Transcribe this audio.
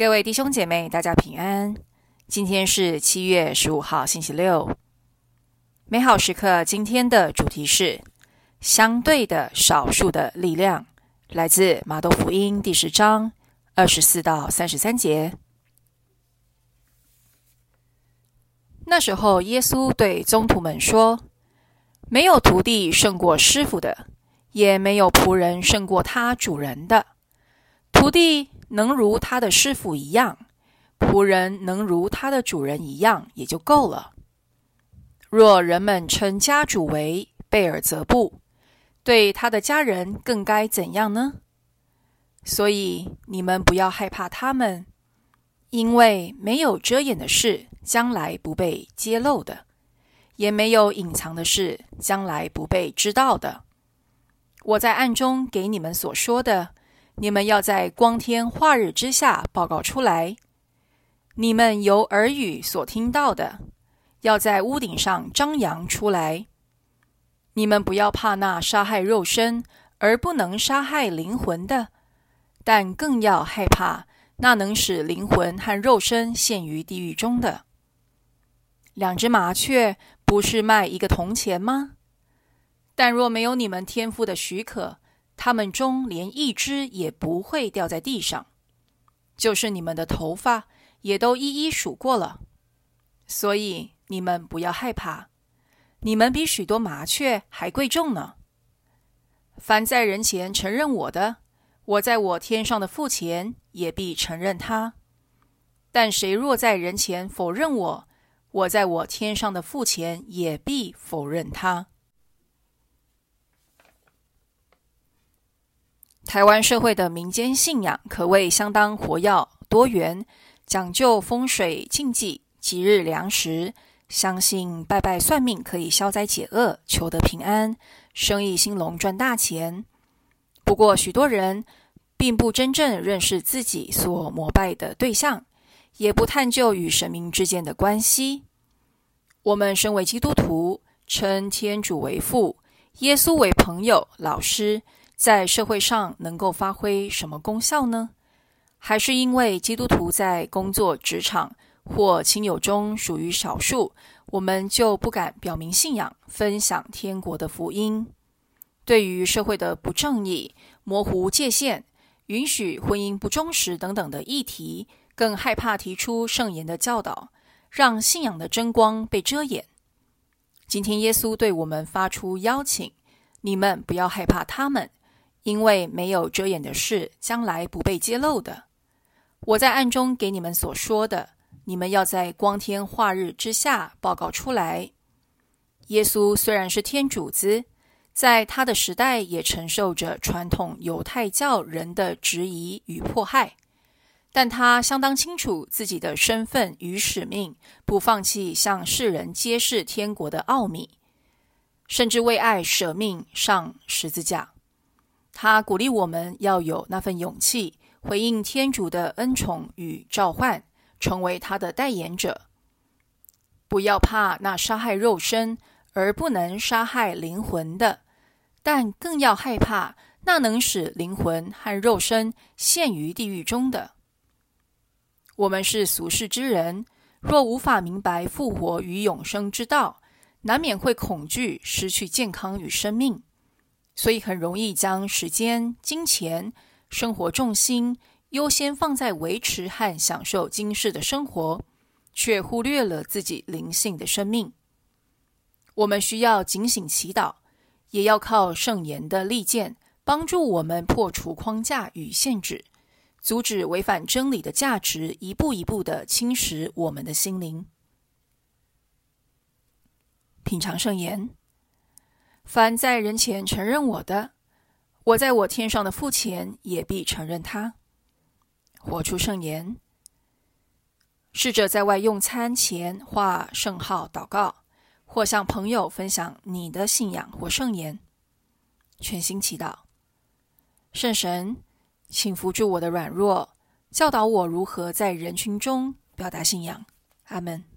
各位弟兄姐妹，大家平安。今天是七月十五號，星期六，美好時刻。今天的主題是相對的少數的力量，來自馬竇福音第十章二十四到三十三節。那時候，耶穌對宗徒們說：“沒有徒弟勝過師傅的，也沒有僕人勝過他主人的，徒弟。”能如他的師傅一樣，僕人能如他的主人一樣，也就夠了。若人們稱家主為貝爾澤布，對他的家人更該怎樣呢？所以你們不要害怕他們，因為沒有遮掩的事將來不被揭露的，也沒有隱藏的事將來不被知道的。我在暗中給你們所說的。你們要在光天化日之下報告出來，你們由耳語所聽到的，要在屋頂上張揚出來。你們不要怕那殺害肉身而不能殺害靈魂的，但更要害怕那能使靈魂和肉身陷於地獄中的。兩隻麻雀不是賣一個銅錢嗎？但若沒有你們天父的許可，他們中連一隻也不會掉在地上，就是你們的頭髮也都一一數過了，所以你們不要害怕，你們比許多麻雀還貴重呢。凡在人前承認我的，我在我天上的父前也必承認他；但誰若在人前否認我，我在我天上的父前也必否認他。台灣社會的民間信仰可謂相當活躍多元，講究風水禁忌、吉日良時，相信拜拜算命可以消災解厄、求得平安、生意興隆、賺大錢。不過，許多人並不真正認識自己所膜拜的對象，也不探究與神明之間的關係。我們身為基督徒，稱天主為父，耶穌為朋友、老師。在社會上能夠發揮什麼功效呢？還是因為基督徒在工作、職場或親友中屬於少數，我們就不敢表明信仰，分享天國的福音。對於社會的不正義、模糊界限、允許婚姻不忠實等等的議題，更害怕提出聖言的教導，讓信仰的真光被遮掩。今天耶穌對我們發出邀請：你們不要害怕他們。因為沒有遮掩的事，將來不被揭露的，我在暗中給你們所說的，你們要在光天化日之下報告出來。耶穌雖然是天主子，在他的時代也承受着傳統猶太教人的質疑與迫害，但他相當清楚自己的身份與使命，不放棄向世人揭示天國的奧秘，甚至為愛捨命上十字架。他鼓勵我們要有那份勇氣，回應天主的恩寵與召喚，成為他的代言者。不要怕那殺害肉身而不能殺害靈魂的，但更要害怕那能使靈魂和肉身陷於地獄中的。我們是俗世之人，若無法明白復活與永生之道，難免會恐懼失去健康與生命。所以很容易將時間、金錢、生活重心優先放在維持和享受今世的生活，卻忽略了自己靈性的生命。我們需要警醒祈禱，也要靠聖言的利劍幫助我們破除框架與限制，阻止違反真理的價值一步一步的侵蝕我們的心靈。品嘗聖言。凡在人前承認我的，我在我天上的父前也必承認他。活出聖言。試着在外用餐前畫聖號禱告，或向朋友分享你的信仰或聖言。全心祈禱。聖神，請扶助我的軟弱，教導我如何在人群中表達信仰。阿門。